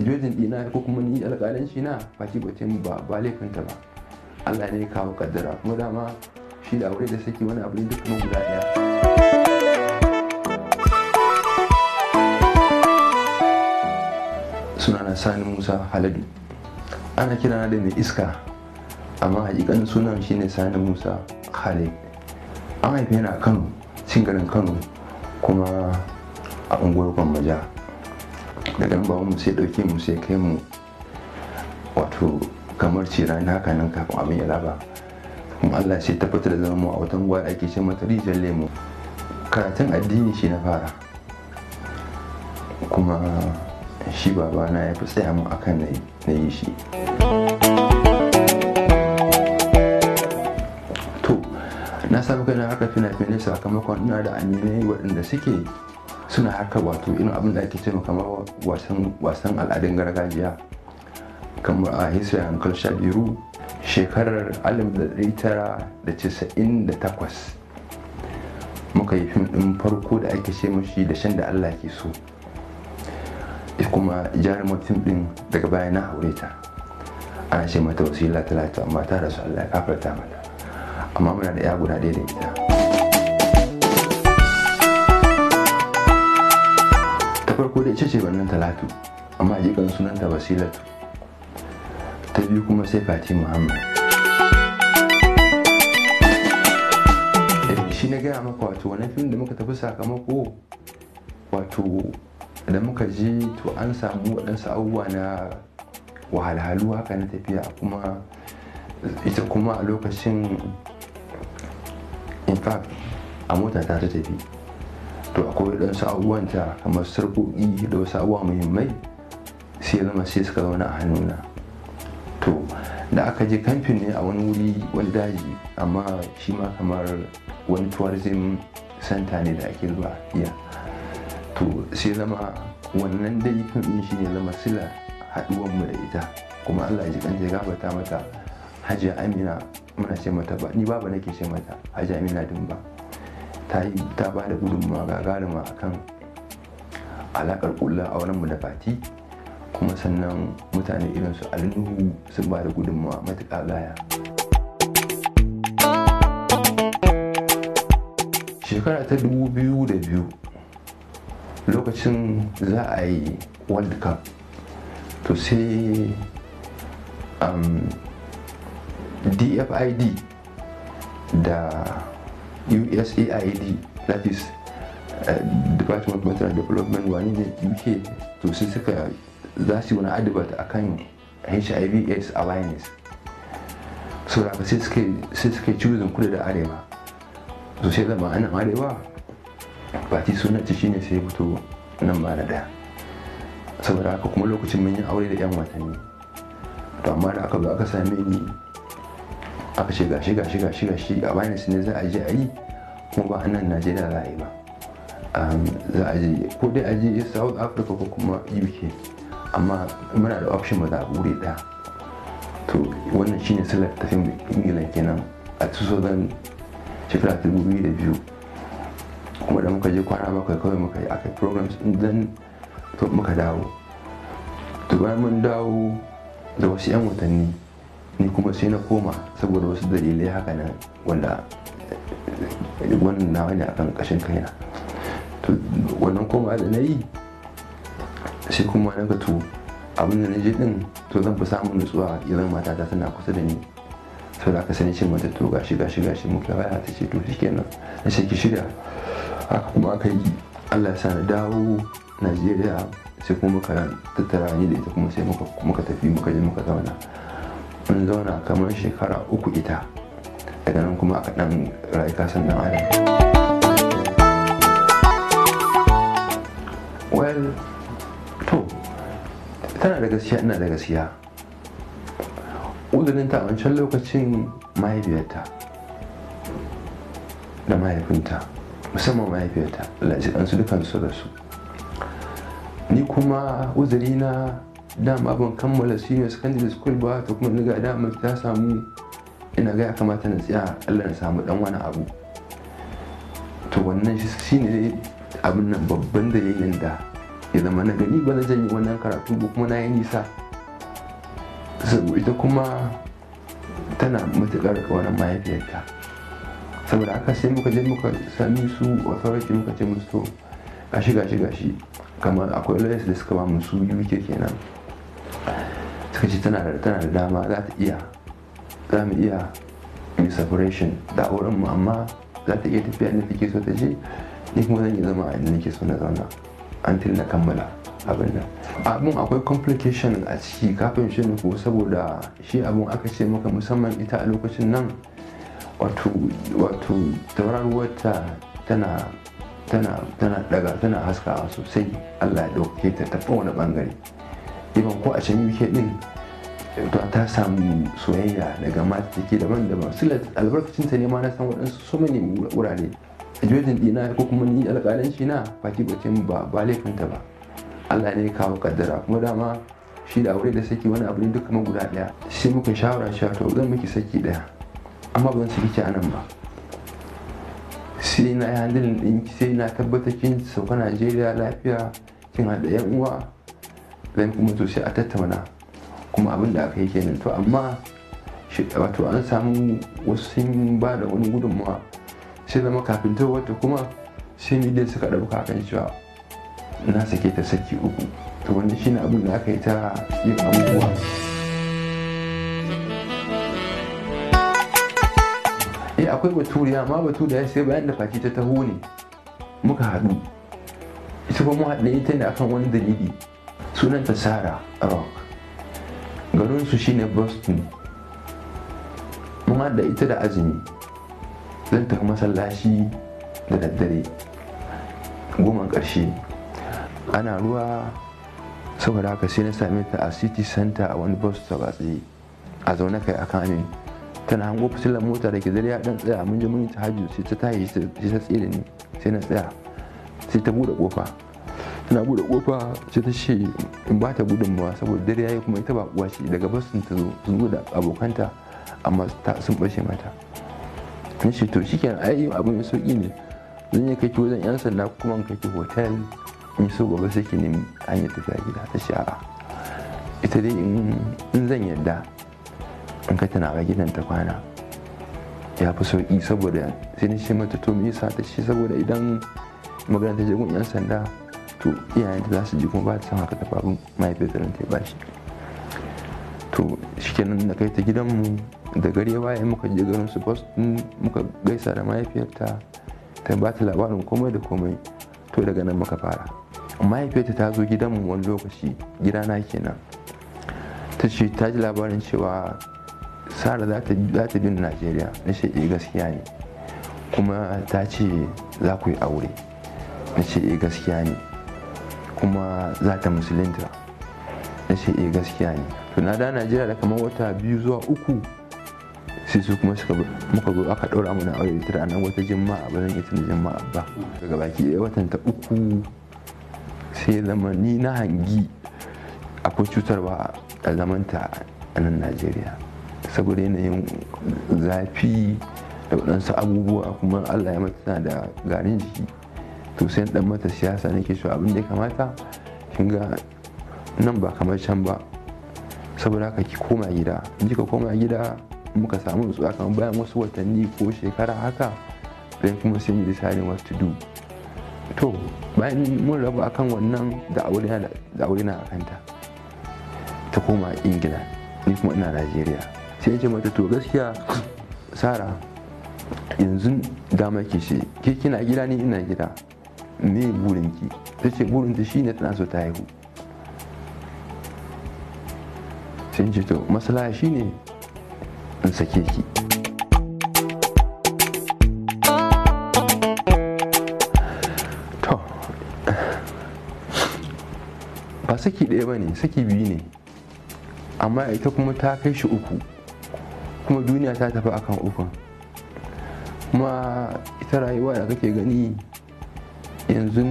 jojin dina ko kuma ni alƙalanci na fati ba ta ba laifinta ba Allah ne ya kawo kaddara kuma dama shi da aure da saki wani abu ne duk kuma guda ɗaya. sunana sani musa haladu ana kirana da mai iska amma hakikanin sunan shi ne sani musa khalid an haife ni a kano cin garin kano kuma a unguwar gwammaja daga bawan mu sai dauke mu sai kai mu wato kamar ce rani haka nan kafin abin ya raba kuma Allah sai tabbatar da zama mu a watan gwa ake ce mata rijiyar lemu karatun addini shi na fara kuma shi babana ya fi tsaya mu akan na yi shi na samu na haka fina-finai sakamakon ina da aminai waɗanda suke suna haka wato irin abin da ake ce kamar wasan al'adun gargajiya kamar a history and culture bureau shekarar 1998 muka yi fim din farko da ake ce mashi da shan da allah ke so kuma jari fim din daga baya na haure ta ana ce mata wasila latalata amma ta rasu allah ya kafarta mata amma muna da ya guda ɗaya da ita farko da ita ce wannan talatu amma a jikan ta basilatu ta biyu kuma sai fati muhammad eh, shi na gaya maka wato wani fim da muka tafi sakamako wato da muka je to an samu waɗansu abubuwa na wahalhalu haka na tafiya kuma ita kuma a lokacin in fact a mota ta tafi to akwai waɗansu abubuwan ta kamar sarƙoƙi da wasu abubuwa muhimmai sai zama sai suka zauna a hannuna to da aka je kamfin ne a wani wuri wani daji amma shi ma kamar wani tourism center ne da ake zuwa iya to sai zama wannan daji kan ɗin shi ne zama sila haɗuwan mu da ita kuma allah ji kan gabata mata hajiya amina muna ce mata ba ni baba nake ce mata hajiya amina din ba ta ta ba da gudunmawa gagarima akan alaƙar kulla a wurin mu da fati kuma sannan mutane irin su alinuhu sun ba da gudunmawa matuƙa gaya shekara ta dubu biyu da biyu lokacin za a yi world cup to sai um, dfid da usaid that is department of development wani ne uk to sai suka za su yi wani adabata a kan hiv aids alliance so da sai suka cuzin kudu da arewa so sai zama ana arewa fati sunanci shine sai ya fito nan ma na daya saboda haka kuma lokacin mun yi aure da yan watanni to amma da aka zo aka same ni aka ce gashi gashi gashi gashi a binance ne za a je a yi kuma ba a nan najeriya za a yi ba za a je ko dai a je south africa ko kuma uk amma muna da option ba za a bude ɗaya to wannan shine silar tafi ingila kenan a zan shekara ta biyu da biyu kuma da muka je kwana bakwai kawai muka yi aka programs zan to muka dawo to bayan mun dawo da wasu 'yan watanni ni kuma sai na koma saboda wasu dalilai haka nan wanda eh, wannan nawa ne akan kashin kaina to wannan koma da na yi sai kuma na to abin da na ji din to zan fi samun nutsuwa idan matata tana kusa da ni sau da aka sani cin mata to gashi gashi gashi muka waya ta ce to shi kenan na shi ki shirya haka kuma aka yi Allah sa na dawo Najeriya sai kuma muka tattara ni da ita kuma sai muka tafi muka je muka zauna mun zauna kamar shekara uku ita daga nan kuma a dan rayu kasan dan adam well to tana da gaskiya ina da gaskiya uzurinta a wancan lokacin mahaifiyarta da mahaifinta musamman mahaifiyarta lalace ɗansu dukansu da su ni kuma na dama ban kammala senior secondary school ba ta kuma niga dama ta samu ina ga ya kamata na tsaya allah na samu dan wani abu to wannan shi ne abin nan babban dalilin da ya zama na gani ba na janye wannan karatu ba kuma na yi nisa ita kuma tana matuƙar ƙaunar mahaifiyarta saboda haka sai muka je muka sami su authority muka ce musu to gashi gashi gashi kamar akwai lawyers da suka ba mu su kenan kace tana da tana da dama za ta iya za mu iya mu separation da auren mu amma za ta iya tafiya inda take so ta je ni kuma zan yi zama a inda nake so na zauna an na kammala abin nan abin akwai complication a ciki kafin shi ko saboda shi abun aka ce maka musamman ita a lokacin nan wato wato wata tana tana tana daga tana haskawa sosai allah ya ɗauke ta tafi wani bangare even ko a can uk din to ta samu soyayya daga mata take daban-daban su albarkacin ta ne ma na san waɗansu so many wurare jojin dina ko kuma ni alƙalanci na fati bakin ba ba laifinta ba Allah ne kawo kaddara kuma dama shi da aure da saki wani abu ne duk kuma guda ɗaya sai muka shawara cewa to zan miki saki ɗaya amma ban saki ki anan ba sai na yi handilin ɗinki sai na tabbatar kin sauka Najeriya lafiya kin haɗa 'yan uwa zan kuma to sai a tattauna kuma abin da aka yi kenan to amma wato an samu wasu sun ba da wani gudunmawa sai zama kafin ta wata kuma sai midiyan suka ɗauka kan cewa na sake ta saki uku to wannan ne abin da aka yi ta yin abubuwa eh akwai baturi amma baturiya sai bayan da faci ta taho ne muka haɗu ita kuma ne ita ne akan wani dalili sunanta sara rock garinsu shine boston kuma da ita da azumi zan tafi masallaci da daddare goma ƙarshe ana ruwa saboda haka sai na same ta a city center a wani bus ta batse a zaune kai a kame tana hango fitilar mota da ke zariya dan tsaya mun je mun yi tahajjud sai ta tayi sai ta tsere ni sai na tsaya sai ta bude kofa tana bude kofa sai ta ce in ba ta gudunmawa saboda dare yayi kuma ita ba kuwa shi daga basun ta zo da abokanta amma sun bace mata na ce to shikenan ai abin ya sauki ne zan yi kai wajen yan sanda kuma in kai hotel in so gobe sai ki nemi hanyar tafiya gida ta ce a'a ita dai in zan yarda in ka tana ba gidan ta kwana ya fi sauki saboda sai na shi mata to me yasa ta ce saboda idan magana ta je gun yan sanda to iyayen da za su ji kuma ba ta san haka da babin ta ya bashi to shikenan da kai ta gidanmu da gare waye muka je garin su bas muka gaisa da mahaifiyarta ta ba ta labarin komai da komai to daga nan muka fara mahaifiyarta ta zo gidanmu wani lokaci gidana kenan ta ce ta ji labarin cewa sara za ta bin najeriya na ce eh gaskiya ne kuma ta ce za ku yi aure na ce eh gaskiya ne kuma za ta musulunta na ce eh gaskiya ne to na da najeriya da kamar wata biyu zuwa uku sai su kuma suka muka zo aka ɗaura mana aure ita da nan wata jima'a ba zan ita jima'a ba daga baki ya watan ta uku sai zama ni na hangi akwai cutarwa a zamanta a nan najeriya saboda yanayin zafi da waɗansu abubuwa kuma allah ya mata da garin jiki to sai dan mata siyasa nake so abin da ya kamata kin ga nan ba kamar can ba saboda haka ki koma gida ka koma gida muka samu nutsuwa kamar bayan wasu watanni ko shekara haka sai kuma sai mu decide what to do to bayan mun rabu akan wannan da aure na akanta ta koma ingila ni kuma ina najeriya sai ce mata to gaskiya sara yanzu dama ke ce ke kina gida ni ina gida me burinki ta ce burinta ne tana so ta haihu sai ce to masala ne in sake ki to ba saki ɗaya ba ne saki biyu ne amma ita kuma ta kai shi uku kuma duniya ta tafi akan ukun kuma ita rayuwa da kake gani yanzu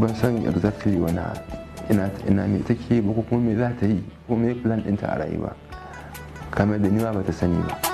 ban san exactly wani ina me take ba ko kuma me za ta yi ko me plan ɗinta a rayuwa kamar da niwa ba ta sani ba